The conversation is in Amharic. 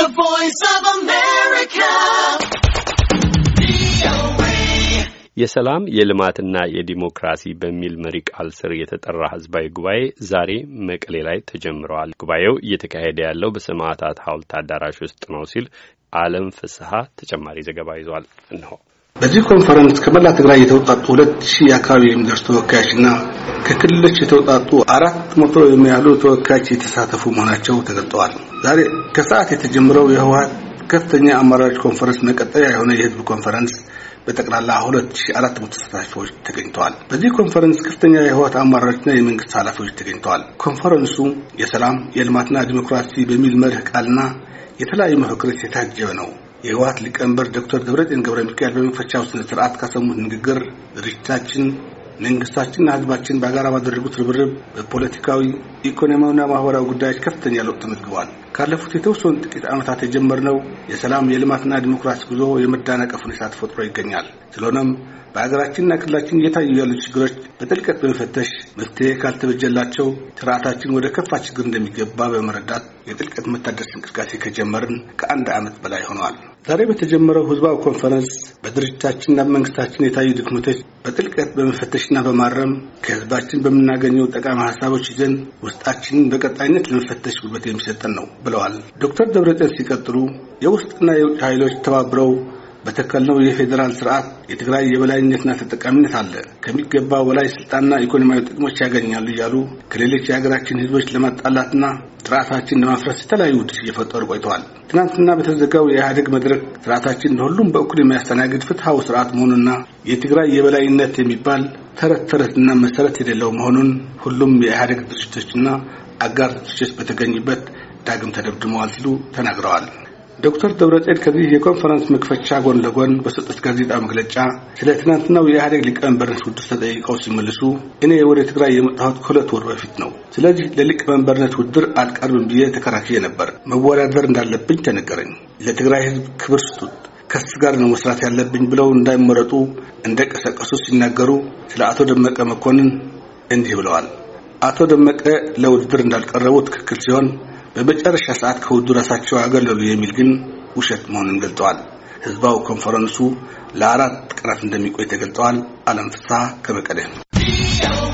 The Voice of America. የሰላም የልማትና የዲሞክራሲ በሚል መሪ ቃል ስር የተጠራ ህዝባዊ ጉባኤ ዛሬ መቀሌ ላይ ተጀምረዋል። ጉባኤው እየተካሄደ ያለው በሰማዕታት ሐውልት አዳራሽ ውስጥ ነው ሲል አለም ፍስሐ ተጨማሪ ዘገባ ይዟል። እንሆ በዚህ ኮንፈረንስ ከመላ ትግራይ የተውጣጡ ሁለት ሺህ አካባቢ የሚደርሱ ተወካዮችና ከክልሎች የተውጣጡ አራት መቶ የሚያሉ ተወካዮች የተሳተፉ መሆናቸው ተገልጠዋል። ዛሬ ከሰዓት የተጀመረው የህወሀት ከፍተኛ አመራሮች ኮንፈረንስ መቀጠያ የሆነ የህዝብ ኮንፈረንስ በጠቅላላ ሁለት ሺህ አራት መቶ ተሳታፊዎች ተገኝተዋል። በዚህ ኮንፈረንስ ከፍተኛ የህወሀት አመራሮችና የመንግስት ኃላፊዎች ተገኝተዋል። ኮንፈረንሱ የሰላም የልማትና ዲሞክራሲ በሚል መርህ ቃልና የተለያዩ መፈክሮች የታጀበ ነው። የህወሀት ሊቀመንበር ዶክተር ደብረጽዮን ገብረ ሚካኤል በመክፈቻው ስነ ስርዓት ካሰሙት ንግግር ድርጅታችን መንግስታችንና ህዝባችን በጋራ ባደረጉት ርብርብ በፖለቲካዊ ኢኮኖሚያዊና ማህበራዊ ጉዳዮች ከፍተኛ ለውጥ ተመዝግቧል። ካለፉት የተወሰኑ ጥቂት ዓመታት የጀመርነው የሰላም የልማትና ዲሞክራሲ ጉዞ የመዳናቀፍ ሁኔታ ተፈጥሮ ይገኛል። ስለሆነም በሀገራችንና ክልላችን እየታዩ ያሉ ችግሮች በጥልቀት በመፈተሽ መፍትሄ ካልተበጀላቸው ስርዓታችን ወደ ከፋ ችግር እንደሚገባ በመረዳት የጥልቀት መታደስ እንቅስቃሴ ከጀመርን ከአንድ ዓመት በላይ ሆነዋል። ዛሬ በተጀመረው ህዝባዊ ኮንፈረንስ በድርጅታችንና በመንግስታችን የታዩ ድክመቶች በጥልቀት በመፈተሽና በማረም ከህዝባችን በምናገኘው ጠቃሚ ሀሳቦች ይዘን ውስጣችንን በቀጣይነት ለመፈተሽ ጉልበት የሚሰጠን ነው ብለዋል ዶክተር ደብረጽዮን ሲቀጥሉ የውስጥና የውጭ ኃይሎች ተባብረው በተከልነው የፌዴራል ስርዓት የትግራይ የበላይነትና ተጠቃሚነት አለ፣ ከሚገባ በላይ ስልጣንና ኢኮኖሚያዊ ጥቅሞች ያገኛሉ እያሉ ከሌሎች የሀገራችን ህዝቦች ለማጣላትና ስርዓታችን ለማፍረስ የተለያዩ ውድስ እየፈጠሩ ቆይተዋል። ትናንትና በተዘጋው የኢህአዴግ መድረክ ስርዓታችን ለሁሉም በእኩል የሚያስተናግድ ፍትሐዊ ስርዓት መሆኑና የትግራይ የበላይነት የሚባል ተረት ተረትና መሰረት የሌለው መሆኑን ሁሉም የኢህአዴግ ድርጅቶችና አጋር ድርጅቶች በተገኙበት ዳግም ተደምድመዋል ሲሉ ተናግረዋል። ዶክተር ደብረጽዮን ከዚህ የኮንፈረንስ መክፈቻ ጎን ለጎን በሰጡት ጋዜጣ መግለጫ ስለ ትናንትናው የኢህአዴግ ሊቀመንበርነት ውድድር ተጠይቀው ሲመልሱ እኔ ወደ ትግራይ የመጣሁት ከሁለት ወር በፊት ነው። ስለዚህ ለሊቀመንበርነት ውድድር አልቀርብም ብዬ ተከራክዬ ነበር። መወዳደር እንዳለብኝ ተነገረኝ። ለትግራይ ህዝብ ክብር ስጡት፣ ከስ ጋር ነው መስራት ያለብኝ ብለው እንዳይመረጡ እንደቀሰቀሱ ሲናገሩ ስለ አቶ ደመቀ መኮንን እንዲህ ብለዋል። አቶ ደመቀ ለውድድር እንዳልቀረቡ ትክክል ሲሆን በመጨረሻ ሰዓት ከውዱ ራሳቸው አገለሉ የሚል ግን ውሸት መሆኑን ገልጠዋል። ህዝባው ኮንፈረንሱ ለአራት ቀናት እንደሚቆይ ተገልጠዋል። አለም ፍስሐ ነው።